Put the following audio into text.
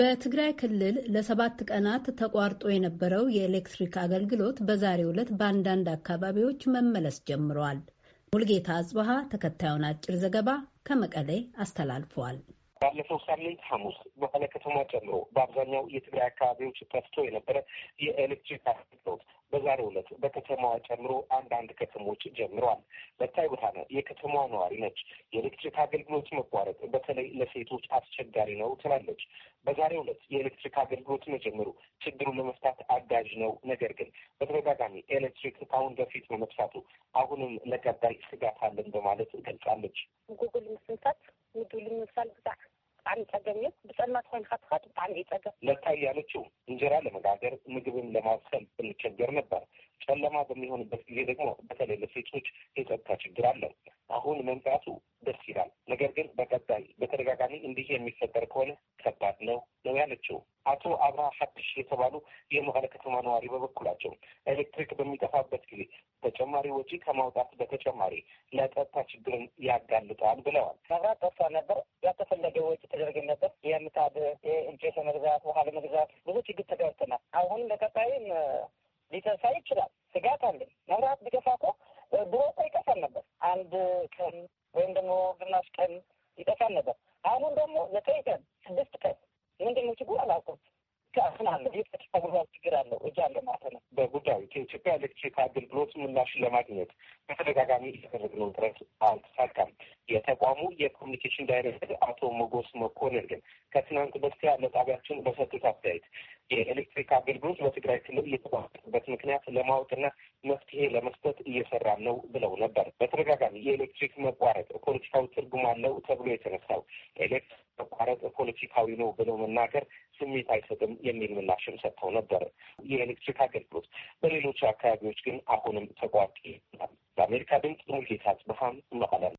በትግራይ ክልል ለሰባት ቀናት ተቋርጦ የነበረው የኤሌክትሪክ አገልግሎት በዛሬው ዕለት በአንዳንድ አካባቢዎች መመለስ ጀምሯል። ሙልጌታ አጽበሃ ተከታዩን አጭር ዘገባ ከመቀሌ አስተላልፏል። ባለፈው ሳምንት ሐሙስ መቀለ ከተማ ጨምሮ በአብዛኛው የትግራይ አካባቢዎች ጠፍቶ የነበረ የኤሌክትሪክ አገልግሎት በዛሬው ዕለት በከተማዋ ጨምሮ አንዳንድ ከተሞች ጀምረዋል። መታይ ብርሃነ የከተማዋ ነዋሪ ነች። የኤሌክትሪክ አገልግሎት መቋረጥ በተለይ ለሴቶች አስቸጋሪ ነው ትላለች። በዛሬው ዕለት የኤሌክትሪክ አገልግሎት መጀመሩ ችግሩን ለመፍታት አጋዥ ነው። ነገር ግን በተደጋጋሚ ኤሌክትሪክ ከአሁን በፊት በመጥፋቱ አሁንም ለቀጣይ ስጋት አለን በማለት ገልጻለች። ጉግል ምስንታት በተመለከተ ለታ ያለችው እንጀራ ለመጋገር ምግብን ለማብሰል እንቸገር ነበር። ጨለማ በሚሆንበት ጊዜ ደግሞ በተለይ ለሴቶች የጸጥታ ችግር አለው። አሁን መምጣቱ ደስ ይላል። ነገር ግን በቀጣይ በተደጋጋሚ እንዲህ የሚፈጠር ከሆነ ከባድ ነው ነው ያለችው። አቶ አብርሃ ሀድሽ የተባሉ የመቀለ ከተማ ነዋሪ በበኩላቸው ኤሌክትሪክ በሚጠፋበት ጊዜ ተጨማሪ ወጪ ከማውጣት በተጨማሪ ለጸጥታ ችግርን ያጋልጣል ብለዋል። መብራት ጠፋ ነበር፣ ያልተፈለገ ወጪ ተደረገ ነበር። የምጣድ እንጨት መግዛት፣ ውሃ ለመግዛት ብዙ ችግር ተጋርተናል። አሁንም ለቀጣይም ሊተሳ ይችላል። ስጋት አለን። መብራት ቢጠፋ እኮ ድሮ እኮ ይጠፋል ነበር። አንድ ቀን ወይም ደግሞ ግማሽ ቀን ይጠፋል ነበር። አሁን ደግሞ ዘጠኝ ቀን ስድስት ቀን ምንድን ነው ችግሩ አላውቅም። ከአሁን አለ የተጠፋጉባት ችግር አለው እጃ አለ ማለት ነው። በጉዳዩ ከኢትዮጵያ ኤሌክትሪክ አገልግሎት ምላሽ ለማግኘት በተደጋጋሚ ያደረግነው ጥረት አልተሳካም። የተቋሙ የኮሚኒኬሽን ዳይሬክተር አቶ ሞጎስ መኮንን ግን ከትናንት በስቲያ ለጣቢያችን በሰጡት አስተያየት የኤሌክትሪክ አገልግሎት በትግራይ ክልል የተቋረጠበት ምክንያት ለማወቅና መፍትሄ ለመስጠት እየሰራ ነው ብለው ነበር። በተደጋጋሚ የኤሌክትሪክ መቋረጥ ፖለቲካዊ ትርጉም አለው ተብሎ የተነሳው ኤሌክትሪክ መቋረጥ ፖለቲካዊ ነው ብለው መናገር ስሜት አይሰጥም የሚል ምላሽም ሰጥተው ነበር። የኤሌክትሪክ አገልግሎት በሌሎች አካባቢዎች ግን አሁንም ተቋርጦ ይሆናል። ለአሜሪካ ድምፅ ሙልጌታ አጽብሃም መቀለ።